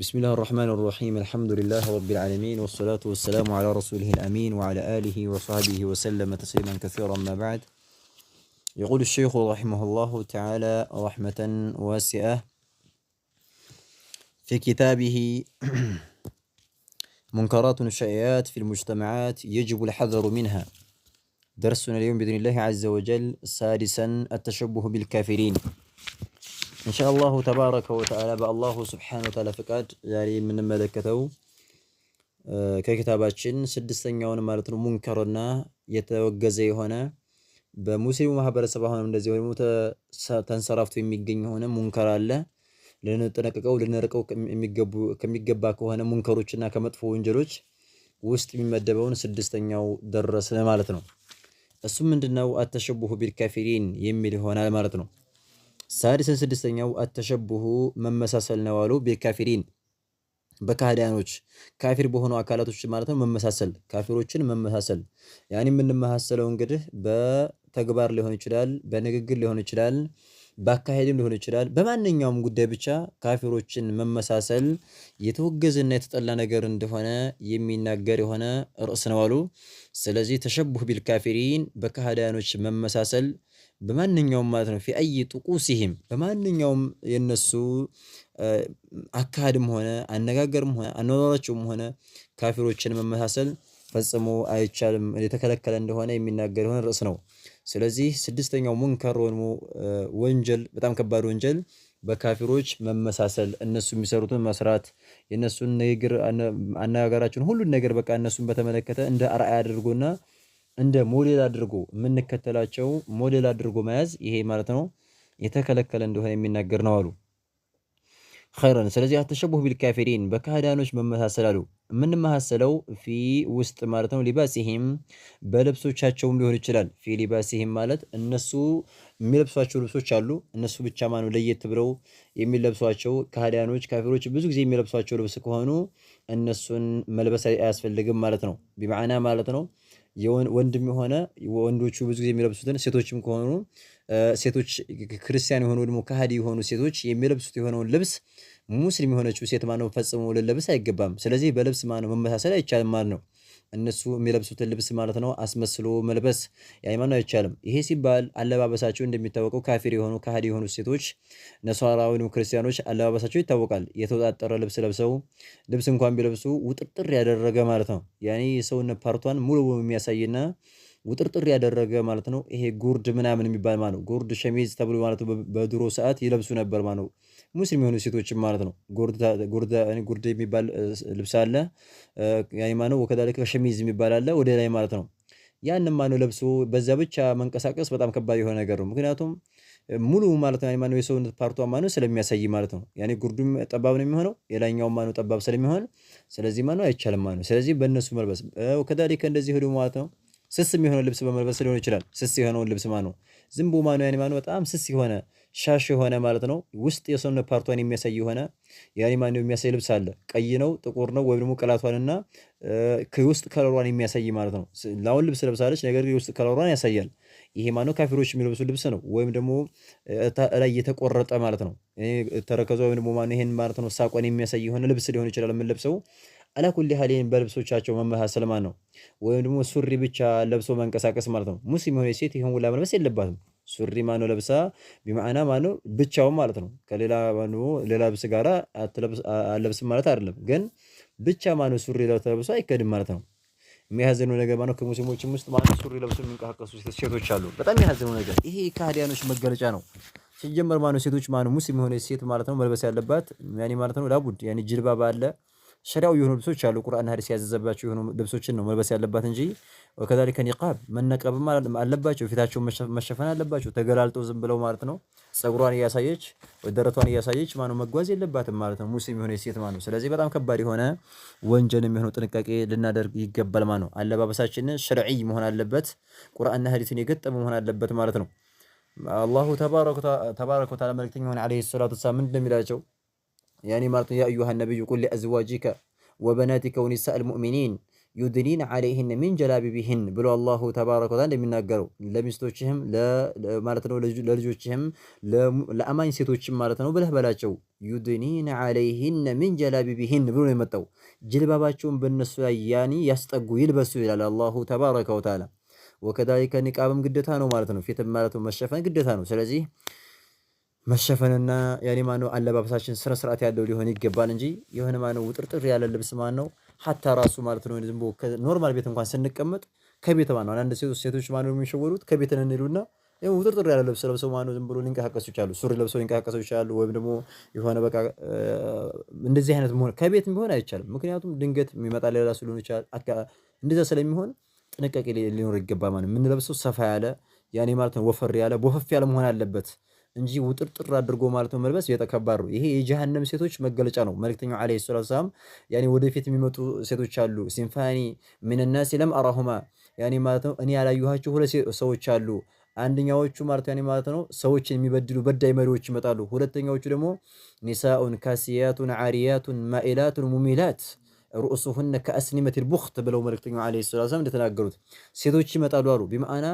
بسم الله الرحمن الرحيم الحمد لله رب العالمين والصلاة والسلام على رسوله الأمين وعلى آله وصحبه وسلم تسليما كثيرا ما بعد يقول الشيخ رحمه الله تعالى رحمة واسعة في كتابه منكرات الشائعات في المجتمعات يجب الحذر منها درسنا اليوم بإذن الله عز وجل سادسا التشبه بالكافرين እንሻአላሁ ተባረከ ወተዓላ በአላሁ ስብሓነ ወተዓላ ፈቃድ ዛሬ የምንመለከተው ከኪታባችን ስድስተኛውን ማለት ነው ሙንከርና የተወገዘ የሆነ በሙስሊሙ ማህበረሰብ አሁንም እንደዚህ ደግሞ ተንሰራፍቶ የሚገኝ የሆነ ሙንከር አለ። ልንጠነቀቀው ልንርቀው ከሚገባ ከሆነ ሙንከሮችና ከመጥፎ ወንጀሎች ውስጥ የሚመደበውን ስድስተኛው ደረስን ማለት ነው። እሱ ምንድነው? አተሸቡሁ ቢልካፊሪን የሚል ይሆናል ማለት ነው። ሳድስን ስድስተኛው አተሸብሁ መመሳሰል ነው አሉ። ቤካፊሪን በካህዳያኖች ካፊር በሆኑ አካላቶች ማለት ነው። መመሳሰል ካፊሮችን መመሳሰል ያኔ የምንመሳሰለው እንግዲህ በተግባር ሊሆን ይችላል፣ በንግግር ሊሆን ይችላል፣ በአካሄድም ሊሆን ይችላል። በማንኛውም ጉዳይ ብቻ ካፊሮችን መመሳሰል የተወገዘና የተጠላ ነገር እንደሆነ የሚናገር የሆነ ርዕስ ነው አሉ። ስለዚህ ተሸቡህ ቢልካፊሪን በካህዳያኖች መመሳሰል በማንኛውም ማለት ነው ፊአይ አይ ጥቁሲህም በማንኛውም የነሱ አካሄድም ሆነ አነጋገርም ሆነ አኗኗራቸውም ሆነ ካፊሮችን መመሳሰል ፈጽሞ አይቻልም የተከለከለ እንደሆነ የሚናገር የሆነ ርዕስ ነው። ስለዚህ ስድስተኛው ሙንከር ሆኖ ወንጀል በጣም ከባድ ወንጀል በካፊሮች መመሳሰል፣ እነሱ የሚሰሩትን መስራት፣ የእነሱን ንግግር፣ አነጋገራቸውን ሁሉን ነገር በቃ እነሱን በተመለከተ እንደ አርአያ አድርጎና እንደ ሞዴል አድርጎ የምንከተላቸው ሞዴል አድርጎ መያዝ ይሄ ማለት ነው የተከለከለ እንደሆነ የሚናገር ነው አሉ። ኸይረን ስለዚህ አተሸቡህ ቢልካፊሪን በካህዳኖች መመሳሰል አሉ። የምንመሳሰለው ፊ ውስጥ ማለት ነው ሊባሲሂም በልብሶቻቸውም ሊሆን ይችላል። ፊ ሊባሲሂም ማለት እነሱ የሚለብሷቸው ልብሶች አሉ። እነሱ ብቻ ማኑ ለየት ብለው የሚለብሷቸው ካህዳኖች ካፊሮች ብዙ ጊዜ የሚለብሷቸው ልብስ ከሆኑ እነሱን መልበስ አያስፈልግም ማለት ነው። ቢመዓና ማለት ነው ወንድም የሆነ ወንዶቹ ብዙ ጊዜ የሚለብሱትን ሴቶችም ከሆኑ ሴቶች ክርስቲያን የሆኑ ደግሞ ካህዲ የሆኑ ሴቶች የሚለብሱት የሆነውን ልብስ ሙስሊም የሆነችው ሴት ማነው ፈጽሞ ልለብስ አይገባም። ስለዚህ በልብስ ማነው መመሳሰል አይቻልም ማለት ነው። እነሱ የሚለብሱትን ልብስ ማለት ነው አስመስሎ መልበስ የሃይማኖት አይቻልም። ይሄ ሲባል አለባበሳቸው እንደሚታወቀው ካፊር የሆኑ ከሃዲ የሆኑ ሴቶች ወይም ክርስቲያኖች አለባበሳቸው ይታወቃል። የተወጣጠረ ልብስ ለብሰው ልብስ እንኳን ቢለብሱ ውጥርጥር ያደረገ ማለት ነው ያኔ የሰውነት ፓርቷን ሙሉ የሚያሳይና ውጥርጥር ያደረገ ማለት ነው። ይሄ ጉርድ ምናምን የሚባል ማለት ነው። ጉርድ ሸሚዝ ተብሎ ማለት በድሮ ሰዓት ይለብሱ ነበር ማለት ነው። ሙስሊም የሆኑ ሴቶች ማለት ነው። ጉርድ የሚባል ልብስ አለ ማነው ወከዛሊከ ሸሚዝ የሚባል አለ ወደ ላይ ማለት ነው። ያንን ማነው ለብሶ በዛ ብቻ መንቀሳቀስ በጣም ከባድ የሆነ ነገር ነው። ምክንያቱም ሙሉ ማለት ነው ማነው የሰውነት ፓርቷ ማነው ስለሚያሳይ ማለት ነው። ያኔ ጉርዱም ጠባብ ነው የሚሆነው የላይኛውም ማነው ጠባብ ስለሚሆን ስለዚህ ማነው አይቻልም ማለት ነው። ስለዚህ በእነሱ መልበስ ወከዛሊከ እንደዚህ ሄዱ ማለት ነው። ስስ የሚሆነው ልብስ በመልበስ ሊሆን ይችላል። ስስ የሆነውን ልብስ ማነው ዝም ብሎ ማነው ያኔ ማነው በጣም ስስ የሆነ ሻሽ የሆነ ማለት ነው። ውስጥ የሰውነት ፓርቷን የሚያሳይ የሆነ የአኒማን የሚያሳይ ልብስ አለ። ቀይ ነው፣ ጥቁር ነው፣ ወይም ደግሞ ቅላቷንና የውስጥ ከለሯን የሚያሳይ ማለት ነው። ለአሁን ልብስ ለብሳለች፣ ነገር ግን የውስጥ ከለሯን ያሳያል። ይሄ ማነው ካፊሮች የሚለብሱ ልብስ ነው። ወይም ደግሞ ላይ የተቆረጠ ማለት ነው። ተረከዟ ወይም ደግሞ ማነው ይሄን ማለት ነው ሳቋን የሚያሳይ የሆነ ልብስ ሊሆን ይችላል የምንለብሰው አላኩል ሀሊን በልብሶቻቸው መመሳሰል ማለት ነው። ወይም ደግሞ ሱሪ ብቻ ለብሶ መንቀሳቀስ ማለት ነው። ሙስሊም የሆነ ሴት ይሄን ሁላ መልበስ የለባትም። ሱሪ ማነው ለብሳ ቢማዕና ማነው ብቻውን ማለት ነው። ከሌላ ሌላ ልብስ ጋራ አለብስም ማለት አይደለም፣ ግን ብቻ ማነው ሱሪ ለብሶ አይከድም ማለት ነው። የሚያዘኑ ነገር ማነው ከሙስሊሞችም ውስጥ ማነው ሱሪ ለብሶ የሚንቀሳቀሱ ሴቶች አሉ። በጣም የሚያዘኑ ነገር ይሄ ከሃዲያኖች መገለጫ ነው። ሲጀመር ማነው ሴቶች ማነው ሙስሊም የሆነ ሴት ማለት ነው መልበስ ያለባት ያኔ ማለት ነው ላቡድ ያኔ ጅልባብ አለ ሸሪያው የሆኑ ልብሶች አሉ። ቁርአን ሀዲስ ያዘዘባቸው የሆኑ ልብሶችን ነው መልበስ ያለባት እንጂ ከዛሊከ ኒቃብ መነቀብም አለባቸው። ፊታቸው መሸፈን አለባቸው። ተገላልጦ ዝም ብለው ማለት ነው ጸጉሯን እያሳየች ደረቷን እያሳየች ማነው መጓዝ የለባትም ማለት ነው ሙስሊም የሆነ ሴት ማለት ነው። ስለዚህ በጣም ከባድ የሆነ ወንጀል የሚሆነው ጥንቃቄ ልናደርግ ይገባል ማለት ነው። አለባበሳችን ሸርዒ መሆን አለበት። ቁርአንና ሀዲስን የገጠመ መሆን አለበት ማለት ነው። አላሁ ተባረከ ወተዓላ መልክተኛ ሆነ ዓለይሂ ሰላቱ ወሰላም ምንድን የሚላቸው? ያኔ ማለት ነው ያ አዩሃ ነቢዩ ቁል ሊአዝዋጂከ ወበናቲከ ወኒሳኢል ሙእሚኒን ዩድኒን ዓለይህን ሚን ጀላቢቢህን ብሎ አላሁ ተባረከ ወተዓላ እንደሚናገረው ለሚስቶችህም ማለት ነው ለልጆችህም ለአማኝ ሴቶችም ማለት ነው ብለህ በላቸው። ዩድኒን ዓለይህን ሚን ጀላቢቢህን ብሎ ነው የመጣው። ጅልባባቸውን በነሱ ላይ ያኒ ያስጠጉ ይልበሱ ይላል አላሁ ተባረከ ወተዓላ። ወከዛሊከ ኒቃብም ግዴታ ነው ማለት ነው። ፊትም ማለት ነው መሸፈን ግዴታ ነው። ስለዚህ መሸፈንና ያኔ ማነው አለባበሳችን ስነ ስርዓት ያለው ሊሆን ይገባል እንጂ የሆነ ማነው ውጥርጥር ያለ ልብስ ማን ነው ሀታ ራሱ ማለት ነው ዝም ብሎ ኖርማል ቤት እንኳን ስንቀመጥ ከቤት ማን ነው አንዳንድ ሴቶች ማነው የሚሸወዱት ከቤት ነን ይሉና ውጥርጥር ያለ ልብስ ለብሰው ማነው ዝም ብሎ ሊንቀሳቀሱ ይችላሉ። ሱሪ ለብሰው ሊንቀሳቀሱ ይችላሉ። ወይም ደግሞ የሆነ በቃ እንደዚህ አይነት መሆን ከቤት ቢሆን አይቻልም። ምክንያቱም ድንገት የሚመጣ ሌላ ሰው ሊሆን ይችላል። እንደዛ ስለሚሆን ጥንቃቄ ሊኖር ይገባል ማለት ነው። የምንለብሰው ሰፋ ያለ ያኔ ማለት ነው ወፈር ያለ ቦፈፍ ያለ መሆን አለበት። እንጂ ውጥርጥር አድርጎ ማለት ነው መልበስ የተከባሩ ይሄ የጀሃነም ሴቶች መገለጫ ነው። መልክተኛው ዓለይሂ ሰላቱ ወሰላም ያኔ ወደፊት የሚመጡ ሴቶች አሉ። ሲንፋኒ ሚንናሲ ለም አራሁማ ያኔ ማለት ነው እኔ ያላዩኋቸው ሁለት ሰዎች አሉ። አንደኛዎቹ ማለት ያኔ ማለት ነው ሰዎችን የሚበድሉ በዳይ መሪዎች ይመጣሉ። ሁለተኛዎቹ ደግሞ ኒሳኡን ካሲያቱን አሪያቱን ማኢላቱን ሙሚላት ሩእሱሁነ ከአስኒመቲል ቡኽት ብለው መልእክተኛው ዓለይሂ ሰላም እንደተናገሩት ሴቶች ይመጣሉ አሉ። ቢማዕና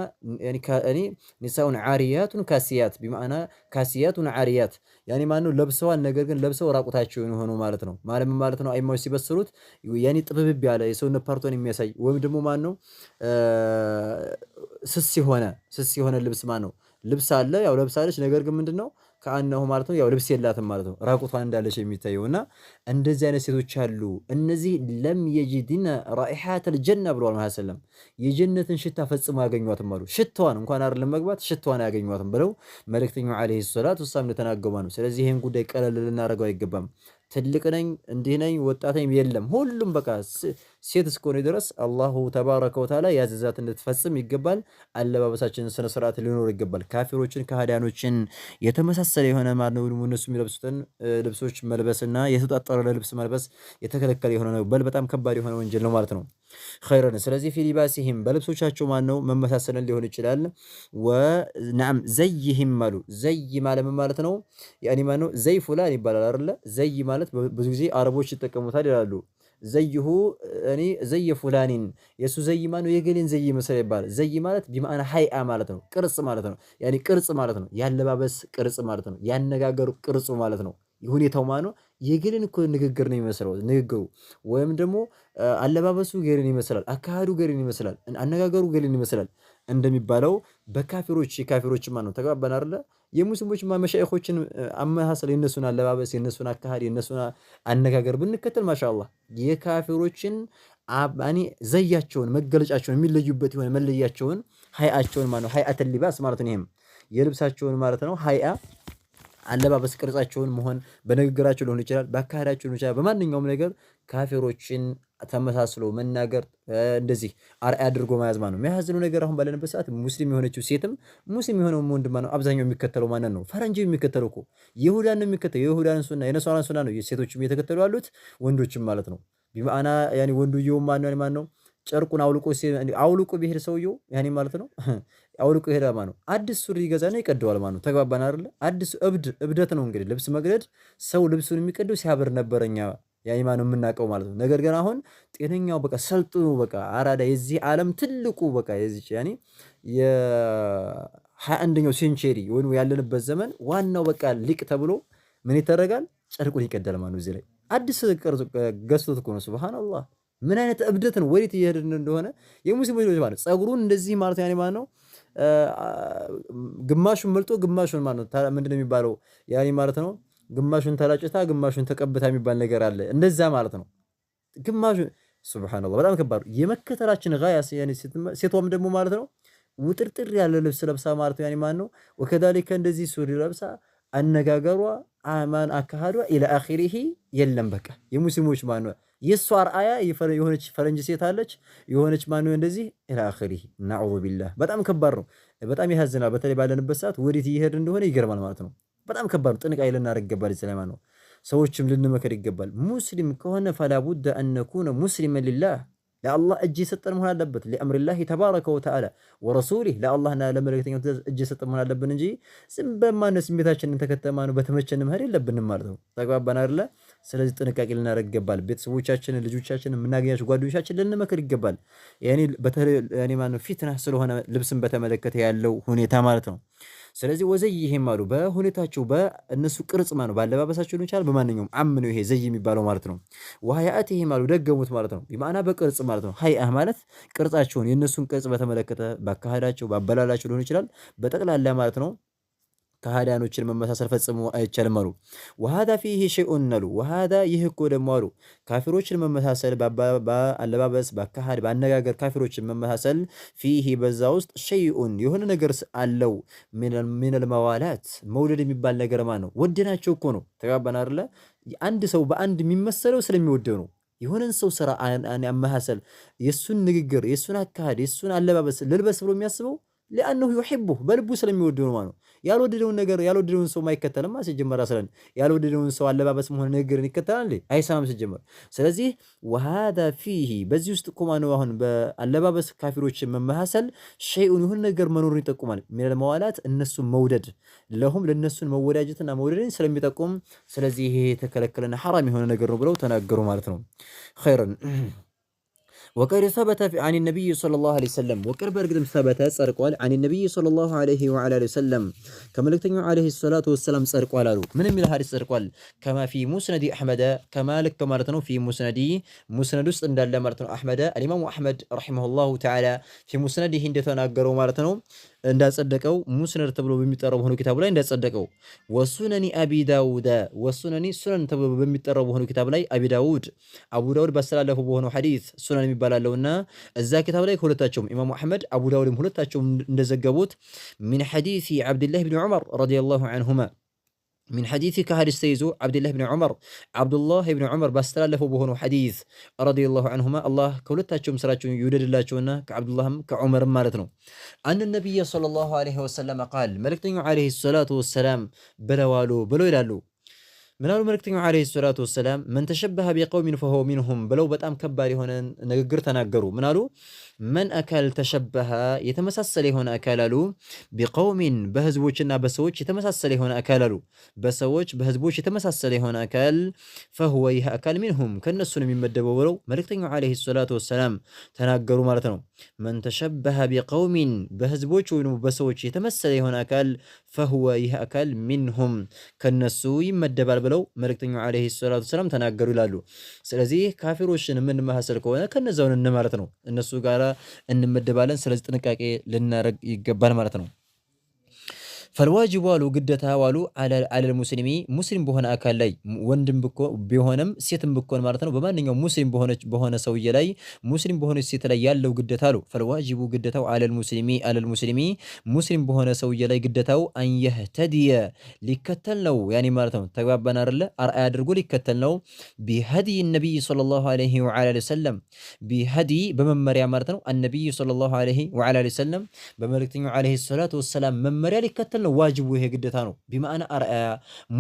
ኒሳኡን ዓሪያቱን ካሲያት ቢማዕና ካሲያቱን ዓሪያት ያኔ ማነው ለብሰዋል፣ ነገር ግን ለብሰው ራቁታቸውን የሆኑ ማለት ነው። ማለም ማለት ነው። አይማዎች ሲበስሩት ያኔ ጥብብብ ያለ የሰውነት ፓርቶን የሚያሳይ ወይም ደግሞ ማነው ስስ የሆነ ስስ የሆነ ልብስ ማነው ልብስ አለ ያው ለብሳለች፣ ነገር ግን ምንድን ነው ከአነሁ ማለት ነው ያው ልብስ የላትም ማለት ነው ራቁቷን እንዳለች የሚታየው እና እንደዚህ አይነት ሴቶች አሉ። እነዚህ ለም የጅድነ ራኢሓተል ልጀና ብለዋል ማለት ሰለም የጀነትን ሽታ ፈጽሞ ያገኟትም አሉ። ሽታዋን እንኳን አይደለም መግባት ሽታዋን አያገኟትም ብለው መልእክተኛው ዓለይሂ ሰላት ወሰላም እንደተናገማ ነው። ስለዚህ ይህን ጉዳይ ቀለል ልናደርገው አይገባም። ትልቅ ነኝ እንዲህ ነኝ ወጣት ነኝ የለም ሁሉም በቃ ሴት እስከሆነ ድረስ አላሁ ተባረከ ወተዓላ ያዘዛት እንድትፈጽም ይገባል። አለባበሳችን ስነ ስርዓት ሊኖር ይገባል። ካፊሮችን ከሃዲያኖችን የተመሳሰለ የሆነ ማነው እነሱ የሚለብሱትን ልብሶች መልበስና የተጣጠረ ልብስ መልበስ የተከለከለ የሆነ ነው። በል በጣም ከባድ የሆነ ወንጀል ነው ማለት ነው። ኸይረን ስለዚህ ፊሊባሲህም በልብሶቻቸው ማን ነው መመሳሰልን ሊሆን ይችላል። ወናም ዘይህም አሉ ዘይ ማለም ማለት ነው ያኒ ማን ነው ዘይ ፉላን ይባላል አይደለ? ዘይ ማለት ብዙ ጊዜ አረቦች ይጠቀሙታል ይላሉ። ዘይሁ እኔ ዘይ ፉላኒን የእሱ ዘይ ማ የገሌን ዘይ መሰለ ይባላል። ዘይ ማለት ቢማዕና ሀይአ ማለት ነው፣ ቅርጽ ማለት ነው። ያኔ ቅርጽ ማለት ነው፣ ያለባበስ ቅርጽ ማለት ነው፣ ያነጋገሩ ቅርጹ ማለት ነው። ሁኔታው ማ ነው የገሌን እኮ ንግግር ነው የሚመስለው ንግግሩ፣ ወይም ደግሞ አለባበሱ ገሌን ይመስላል፣ አካሄዱ ገሌን ይመስላል፣ አነጋገሩ ገሌን ይመስላል እንደሚባለው በካፊሮች የካፊሮች ማ ነው ተቀባበን አለ የሙስሊሞች ማ መሻይኾችን አመሳሰል የነሱን አለባበስ የነሱን አካሄድ የነሱን አነጋገር ብንከተል ማሻአላህ የካፊሮችን አባኒ ዘያቸውን መገለጫቸውን የሚለዩበት የሆነ መለያቸውን ሀይአቸውን ማ ነው ሀይአተ ሊባስ ማለት ነው። ይሄም የልብሳቸውን ማለት ነው ሀይአ አለባበስ ቅርጻቸውን መሆን በንግግራቸው ሊሆን ይችላል፣ በአካሄዳቸው ሊሆን ይችላል። በማንኛውም ነገር ካፌሮችን ተመሳስሎ መናገር እንደዚህ አርአያ አድርጎ መያዝ ማለት ነው። የሚያሳዝነው ነገር አሁን ባለንበት ሰዓት ሙስሊም የሆነችው ሴትም ሙስሊም የሆነው ወንድማ ነው። አብዛኛው የሚከተለው ማንን ነው? ፈረንጅ የሚከተለው እኮ ይሁዳን ነው የሚከተለው። የይሁዳን ሱና የነሷራን ሱና ነው ሴቶችም እየተከተሉ ያሉት ወንዶችም ማለት ነው። ቢማና ያኔ ወንዱየውም ማን ነው ጨርቁን አውልቆ አውልቆ ቢሄድ ሰውየው ያኔ ማለት ነው። አውልቆ ይሄድ ማለት ነው። አዲስ ሱሪ ይገዛ ነው ይቀደዋል ማለት ነው። ተግባባን አይደለ? አዲስ እብድ እብደት ነው እንግዲህ ልብስ መቅደድ። ሰው ልብሱን የሚቀደው ሲያብር ነበረኛ ያኔ ማለት ነው የምናውቀው ማለት ነው። ነገር ግን አሁን ጤነኛው በቃ ሰልጥኑ በቃ አራዳ የዚህ ዓለም ትልቁ በቃ የዚህ ያኔ የሀያ አንደኛው ሴንቸሪ ወይም ያለንበት ዘመን ዋናው በቃ ሊቅ ተብሎ ምን ይተረጋል? ጨርቁን ይቀደል ማለት ነው። እዚህ ላይ አዲስ ቅርጽ ገዝቶት እኮ ነው። ሱብሃነላህ ምን አይነት እብደት ነው? ወዴት እየሄድን እንደሆነ የሙስሊም ልጆች ማለት ጸጉሩን እንደዚህ ማለት ያኔ ማለት ነው ግማሹን መልጦ ግማሹን ማለት ነው ምንድን ነው የሚባለው? ያኔ ማለት ነው ግማሹን ተላጭታ ግማሹን ተቀብታ የሚባል ነገር አለ። እንደዛ ማለት ነው ግማሹን ሱብሃነላህ፣ በጣም ከባድ የመከተላችን ጋያ ሴቷም ደግሞ ማለት ነው ውጥርጥር ያለ ልብስ ለብሳ ማለት ነው ያኔ ማለት ነው ወከዛሊከ እንደዚህ ሱሪ ለብሳ አነጋገሯ፣ አማን አካሃዷ ኢላ አኺሪሂ የለም በቃ የሙስሊሞች ማለት ነው የእሷ አርአያ የሆነች ፈረንጅ ሴት አለች፣ የሆነች ማን እንደዚህ ኢላ አኺሪህ። ነዑዙ ቢላህ በጣም ከባድ ነው። በጣም ያሳዝናል። በተለይ ባለንበት ሰዓት ወዴት እየሄድን እንደሆነ ይገርማል ማለት ነው። በጣም ከባድ ነው። ጥንቃቄ ልናደርግ ይገባል። ስለማ ነው ሰዎችም ልንመከር ይገባል። ሙስሊም ከሆነ ፈላቡደ አነኩነ ሙስሊመን ሊላህ ለአላህ እጅ የሰጠን መሆን አለበት። ሊአምሪላሂ ተባረከ ወተዓላ ወረሱሊህ ለአላህና ለመልእክተኛው ትእዛዝ እጅ የሰጠን መሆን አለብን እንጂ ዝም በማነው ስሜታችንን ተከተማ ነው በተመቸን መሄድ የለብንም ማለት ነው። ተግባባን አይደለ? ስለዚህ ጥንቃቄ ልናደርግ ይገባል። ቤተሰቦቻችንን፣ ልጆቻችንን፣ የምናገኛቸው ጓደኞቻችን ልንመክር ይገባል። በተለይ ማነው ፊትና ስለሆነ ልብስን በተመለከተ ያለው ሁኔታ ማለት ነው። ስለዚህ ወዘይ ይሄም አሉ በሁኔታቸው በእነሱ ቅርጽ ማ ነው። ባለባበሳቸው ሊሆን ይችላል። በማንኛውም አም ነው ይሄ ዘይ የሚባለው ማለት ነው። ወሀያአት ይሄም አሉ ደገሙት ማለት ነው። ይማና በቅርጽ ማለት ነው። ሀይአ ማለት ቅርጻቸውን የእነሱን ቅርጽ በተመለከተ በአካሄዳቸው፣ በአበላላቸው ሊሆን ይችላል። በጠቅላላ ማለት ነው ከሃዳኖችን መመሳሰል ፈጽሞ አይቻልም አሉ። ወሃዳ ፊህ ሸይኡን አሉ። ወሃዳ ይህ እኮ ደግሞ አሉ ካፊሮችን መመሳሰል በአለባበስ፣ በአካሃድ፣ በአነጋገር ካፊሮችን መመሳሰል ፊህ በዛ ውስጥ ሸይኡን የሆነ ነገር አለው ሚነል መዋላት መውደድ የሚባል ነገር ማ ነው ወደናቸው እኮ ነው። ተጋባን አይደለ? አንድ ሰው በአንድ የሚመሰለው ስለሚወደው ነው። የሆነን ሰው ስራ አመሳሰል፣ የእሱን ንግግር፣ የእሱን አካሃድ፣ የእሱን አለባበስ ልልበስ ብሎ የሚያስበው ሊአነሁ ዩሒቡህ በልቡ ስለሚወደው ነው። ያልወደደውን ነገር ያልወደደውን ሰው ማይከተልማ ሲጀመር ስለን ያልወደደውን ሰው አለባበስ መሆን ንግግርን ይከተላል አይሰማም ሲጀመር። ስለዚህ ወሃዳ ፊሂ በዚህ ውስጥ እኮ ማነው አሁን በአለባበስ ካፊሮችን መመሳሰል ሸይኡን ይሁን ነገር መኖሩን ይጠቁማል። ሚነል መዋላት እነሱን መውደድ ለሁም ለእነሱን መወዳጀትና መውደድን ስለሚጠቁም ስለዚህ ይሄ የተከለከለና ሐራም የሆነ ነገር ነው ብለው ተናገሩ ማለት ነው። ኸይረን ወቀድ ሰበተ አን ነቢይ ሰለላሁ ዐለይሂ ወሰለም ወቀድ በእርግጥም ሰበተ ጸድቋል። አን ነቢይ ሰለላሁ ዐለይሂ ወሰለም ከመልእክተኛው ዐለይሂ ሰላቱ ወሰላም ጸድቋል አሉ። ምን የሚል ሐዲስ ጸድቋል? ከማ ፊ ሙስነዲ አሕመደ ከማ ልክ ማለት ነው። ፊ ሙስነዲ ሙስነድ ውስጥ እንዳለ ማለት ነው። አሕመደ አልኢማሙ አሕመድ ረሒመሁላሁ ተዓላ ፊ ሙስነዲህ እንደተናገረው ማለት ነው እንዳጸደቀው ሙስነድ ተብሎ በሚጠራው በሆኑ ኪታቡ ላይ እንዳጸደቀው ወሱነኒ አቢ ዳውድ ወሱነኒ ሱነን ተብሎ በሚጠራው በሆኑ ኪታቡ ላይ አቢ ዳውድ አቡ ዳውድ ባስተላለፈው በሆነው ሐዲስ ሱነን የሚባል እባላለሁ እዛ ኪታብ ላይ ከሁለታቸውም ኢማሙ አሕመድ አቡ ዳውድም ሁለታቸውም እንደዘገቡት ሚን ሐዲስ ዓብድላህ ብን ዑመር ረዲየላሁ አንሁማ ሚን ሐዲስ ከሀዲስ ተይዞ ዓብድላህ ብን ዑመር ዓብዱላህ ብን ዑመር ባስተላለፈው በሆነው ሐዲስ ረዲየላሁ አንሁማ አላህ ከሁለታቸውም ስራቸውን ይውደድላቸውና ከዓብዱላህም ከዑመርም ማለት ነው። አን ነቢየ ሰለላሁ ዓለይሂ ወሰለም ቃል መልእክተኛው ዓለይሂ ሰላቱ ወሰላም ብለዋሉ ብለው ይላሉ ምናሉ መልክተኛው ዓለይሂ ሰላቱ ወሰላም መን ተሸበሀ ቢቀውሚን ፈሆ ሚንሁም ብለው በጣም ከባድ የሆነ ንግግር ተናገሩ። ምናሉ መን አካል ተሸበሀ የተመሳሰለ የሆነ አካል አሉ ቢቀውሚን በህዝቦችና በሰዎች የተመሳሰለ የሆነ አካል አካላሉ በሰዎች በህዝቦች የተመሳሰለ የሆነ አካል ፈህወ ይህ አካል ሚንሁም ከእነሱን የሚመደበው ብለው መልእክተኛው ዓለይሂ ሰላቱ ወሰላም ተናገሩ ማለት ነው። መን ተሸበሀ ቢቀውሚን በህዝቦች ወይ በሰዎች የተመሰለ የሆነ አካል ፈህወ ይህ አካል ሚንሁም ከነሱ ይመደባል ብለው መልእክተኛው ዓለይሂ ሰላቱ ወሰላም ተናገሩ ይላሉ። ስለዚህ ካፊሮችን የምንመሳሰል ከሆነ ከነዛውን እንማለት ነው እነሱ ጋር እንመደባለን። ስለዚህ ጥንቃቄ ልናደርግ ይገባል ማለት ነው። ፈልዋጅቡ አሉ ግደታ ዋሉ አለል ሙስሊሚ ሙስሊም በሆነ አካል ላይ ወንድም ቢሆንም ሴትም ብኮን ማለት ነው። በማንኛውም ሙስሊም በሆነ ሰውዬ ላይ ሙስሊም በሆነች ሴት ላይ ያለው ግደታ አሉ ፈልዋጅቡ ግደታው አለል ሙስሊሚ አለል ሙስሊሚ ሙስሊም በሆነ ሰውዬ ላይ ግደታው አንየህተድየ ሊከተል ነው ያኔ ማለት ነው። ተግባባን አይደለ? አርአያ አድርጎ ሊከተል ነው። ቢሀዲይ ነቢይ ሰለላሁ ዐለይሂ ወዐለይሂ ወሰለም ቢሀዲይ በመመሪያ ማለት ነው። አነቢይ ሰለላሁ ዐለይሂ ወዐለይሂ ወሰለም በመልእክተኛው ዐለይሂ ሰላቱ ወሰላም መመሪያ ሊከተል ነው ዋጅቡ፣ ይሄ ግዴታ ነው። ቢማዕና አርአያ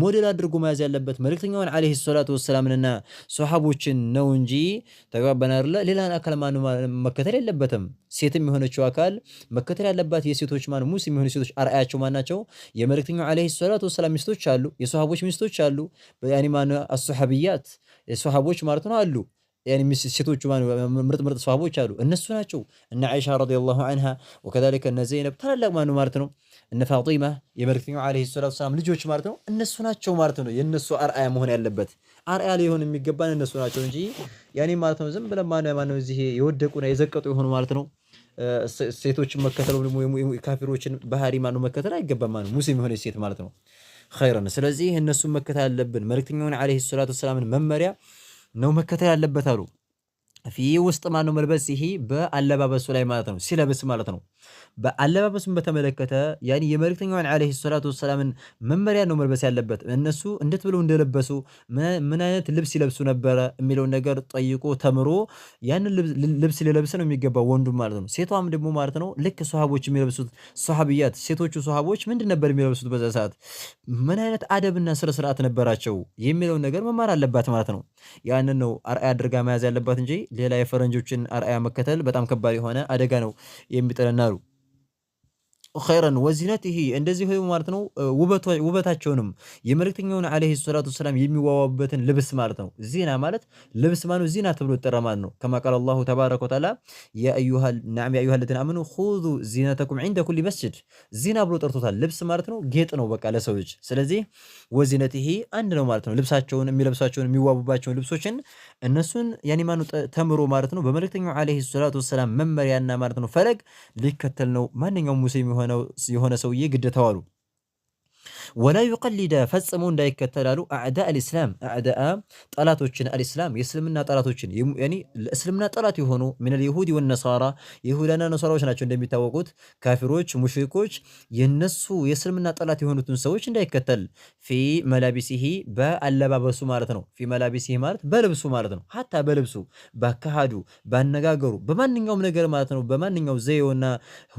ሞዴል አድርጎ መያዝ ያለበት መልእክተኛውን ዓለይሂ ሰላቱ ወሰላምንና ሶሐቦችን ነው እንጂ ተግባባን አይደለ? ሌላን አካል ማን መከተል የለበትም። ሴትም የሆነችው አካል መከተል ያለባት የሴቶች ማን ሙስሊም የሆኑ ሴቶች አርአያቸው ማን ናቸው? የመልእክተኛው ዓለይሂ ሰላቱ ወሰላም ሚስቶች አሉ፣ የሶሐቦች ሚስቶች አሉ። ያኒ ማን አሶሐብያት የሶሐቦች ማለት ነው አሉ ሴቶቹ ምርጥ ምርጥ ሰሃቦች አሉ። እነሱ ናቸው እነ አይሻ ረዲየላሁ አንሃ ወከዛሊከ እነ ዘይነብ ታላላቅ ማኑ ማለት ነው እነ ፋጢማ የመልክተኛው ዓለይሂ ሰላቱ ሰላም ልጆች ማለት ነው። እነሱ ናቸው ማለት ነው የእነሱ አርአያ መሆን ያለበት አርአያ ሊሆን የሚገባን እነሱ ናቸው እንጂ ያኔ ማለት ነው ዝም ብለን ማነው ማነው እዚህ የወደቁና የዘቀጡ የሆኑ ማለት ነው ሴቶችን መከተል ወይም ካፊሮችን ባህሪ ማነው መከተል አይገባም። ማነው ሙስሊም የሆነ ሴት ማለት ነው ኸይረን። ስለዚህ እነሱን መከተል ያለብን መልክተኛውን ዓለይሂ ሰላቱ ሰላምን መመሪያ ነው መከተል ያለበት አሉ። ፊ ውስጥ ማነው መልበስ ይሄ በአለባበሱ ላይ ማለት ነው ሲለብስ ማለት ነው በአለባበሱን በተመለከተ ያኔ የመልእክተኛውን ዓለይሂ ሰላቱ ወሰላምን መመሪያ ነው መልበስ ያለበት። እነሱ እንዴት ብለው እንደለበሱ ምን አይነት ልብስ ይለብሱ ነበረ የሚለውን ነገር ጠይቆ ተምሮ ያንን ልብስ ሊለብስ ነው የሚገባው ወንዱ ማለት ነው። ሴቷም ደግሞ ማለት ነው ልክ ሶሃቦች የሚለብሱት ሶሃብያት፣ ሴቶቹ ሶሃቦች ምንድን ነበር የሚለብሱት በዛ ሰዓት ምን አይነት አደብና ስነ ስርዓት ነበራቸው የሚለውን ነገር መማር አለባት ማለት ነው። ያንን ነው አርአያ አድርጋ መያዝ ያለባት እንጂ ሌላ የፈረንጆችን አርአያ መከተል በጣም ከባድ የሆነ አደጋ ነው የሚጥለናሉ። ኸይረን ወዚነትህ እንደዚህ ሆይ ማለት ነው ውበታቸውንም የመልእክተኛውን ዓለይሂ ሰላቱ ወሰላም የሚዋዋቡበትን ልብስ ማለት ነው። ዚና ማለት ልብስ ማለት ዚና ተብሎ ይጠራ ማለት ነው። ከማ ቃለ አላሁ ተባረከ ወተዓላ ያ አዩሃ ለዚነ አመኑ ኹዙ ዚነተኩም ዒንደ ኩሊ መስጅድ ዚና ብሎ ጠርቶታል። ልብስ ማለት ነው ጌጥ ነው በቃ ለሰዎች። ስለዚህ ወዚነትህ አንድ ነው ማለት ነው። ልብሳቸውን የሚለብሳቸውን የሚዋቡባቸውን ልብሶችን እነሱን ያኒማኑ ተምሮ ማለት ነው በመልእክተኛው ዓለይሂ ሰላቱ ወሰላም መመሪያና ማለት ነው ፈለግ ሊከተል ነው ማንኛውም ሙስሊም የሆነ የሆነ ሰውዬ ግድ ተዋሉ። ወላ ዩቀሊደ ፈጽሞ እንዳይከተላሉ አዕዳ አልእስላም አዕዳ ጠላቶችን አልእስላም የእስልምና ጠላቶችን ለእስልምና ጠላት የሆኑ ሚነል ይሁድ ወነሳራ ይሁዳና ነሳራዎች ናቸው። እንደሚታወቁት ካፊሮች፣ ሙሽሪኮች የነሱ የእስልምና ጠላት የሆኑትን ሰዎች እንዳይከተል ፊ መላቢሲሂ በአለባበሱ ማለት ነው። ፊ መላቢሲሂ ማለት በልብሱ ማለት ነው። ሀታ በልብሱ ባካሃዱ፣ ባነጋገሩ፣ በማንኛውም ነገር ማለት ነው። በማንኛው ዘዬውና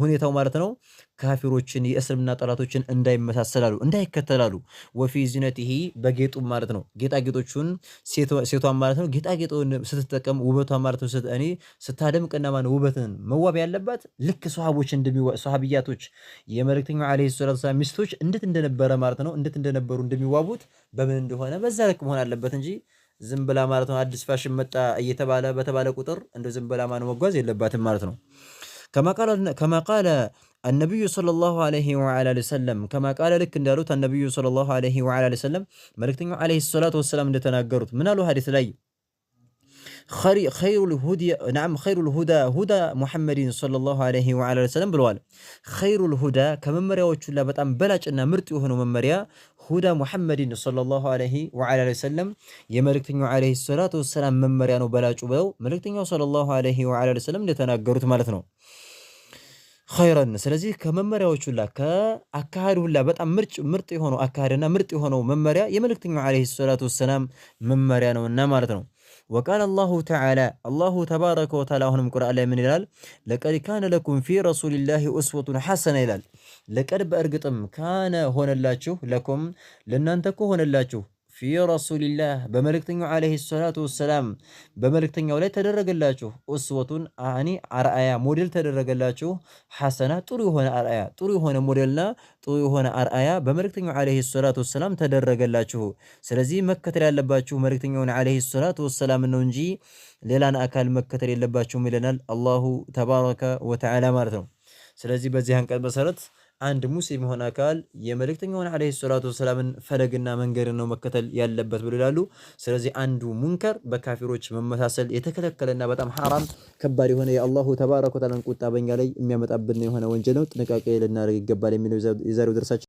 ሁኔታው ማለት ነው ካፊሮችን የእስልምና ጠላቶችን እንዳይመሳሰላሉ እንዳይከተላሉ። ወፊ ይሄ በጌጡ ማለት ነው ጌጣጌጦቹን ሴቷን ማለት ነው ጌጣጌጡን ስትጠቀም ውበቷን ማለት ነው እኔ ስታደምቅና ማለት ውበትን መዋብ ያለባት ልክ ሰሃቦች ሰሃብያቶች የመልእክተኛው ዓለይሂ ሰላቱ ሰላም ሚስቶች እንዴት እንደነበረ ማለት ነው እንዴት እንደነበሩ እንደሚዋቡት በምን እንደሆነ በዛ ልክ መሆን አለበት እንጂ ዝም ብላ ማለት ነው አዲስ ፋሽን መጣ እየተባለ በተባለ ቁጥር እንደ ዝም ብላ መጓዝ የለባትም ማለት ነው ከማቃለ አነቢዩ ሰለላሁ ዐለይሂ ወዐላ ሰለም ከማ ቃለ ልክ እንዳሉት አነቢዩ ሰለላሁ ዐለይሂ ወዐላ ሰለም መልእክተኛው ዐለይሂ ሰላቱ ወሰላም እንደተናገሩት ምን አሉ? ሐዲስ ላይ ኸይሩል ሁዳ ሁዳ ሙሐመድን ሰለላሁ ዐለይሂ ወዐላ ሰለም ብለዋል። ኸይሩል ሁዳ ከመመሪያዎቹ ላይ በጣም በላጭና ምርጥ የሆነው መመሪያ ሁዳ ሙሐመድን ሰለላሁ ዐለይሂ ወዐላ ሰለም የመልእክተኛው ዐለይሂ ሰላቱ ወሰላም መመሪያ ነው በላጩ ብለው መልእክተኛው ሰለላሁ ዐለይሂ ወዐላ ሰለም እንደተናገሩት ማለት ነው። ኸይረን ስለዚህ ከመመሪያዎች ሁላ ከአካሃድ ሁላ በጣም ምርጭ ምርጥ የሆነው አካሄድና ምርጥ የሆነው መመሪያ የመልእክተኛው ዓለይሂ ሰላቱ ወሰላም መመሪያ ነውና ማለት ነው። ወቃለ አላሁ ተዓላ አላሁ ተባረከ ወተዓላ አሁንም ቁርአን ላይ ምን ይላል? ለቀድ ካነ ለኩም ፊ ረሱሊላሂ ኡስወቱን ሐሰና ይላል። ለቀድ በእርግጥም ካነ ሆነላችሁ፣ ለኩም ለእናንተ እኮ ሆነላችሁ ፊ ረሱሊላህ በመልእክተኛው ዓለይሂ ሰላቱ ወሰላም በመልእክተኛው ላይ ተደረገላችሁ እስወቱን አኒ አርአያ ሞዴል ተደረገላችሁ። ሐሰና ጥሩ የሆነ አርአያ ጥሩ የሆነ ሞዴልና ጥሩ የሆነ አርአያ በመልእክተኛው ዓለይሂ ሰላቱ ወሰላም ተደረገላችሁ። ስለዚህ መከተል ያለባችሁ መልእክተኛውን ዓለይሂ ሰላቱ ወሰላም ነው እንጂ ሌላን አካል መከተል የለባችሁም ይለናል አላሁ ተባረከ ወተዓላ ማለት ነው። ስለዚህ በዚህ አንቀጽ መሰረት አንድ ሙስሊም የሆነ አካል የመልእክተኛውን ዓለይሂ ሰላቱ ወሰላምን ፈለግና መንገድን ነው መከተል ያለበት ብሎ ይላሉ። ስለዚህ አንዱ ሙንከር በካፊሮች መመሳሰል የተከለከለና በጣም ሐራም ከባድ የሆነ የአላሁ ተባረከ ወተዓላን ቁጣ በኛ ላይ የሚያመጣብን የሆነ ወንጀል ነው። ጥንቃቄ ልናደርግ ይገባል የሚለው የዛሬው ደርሳችን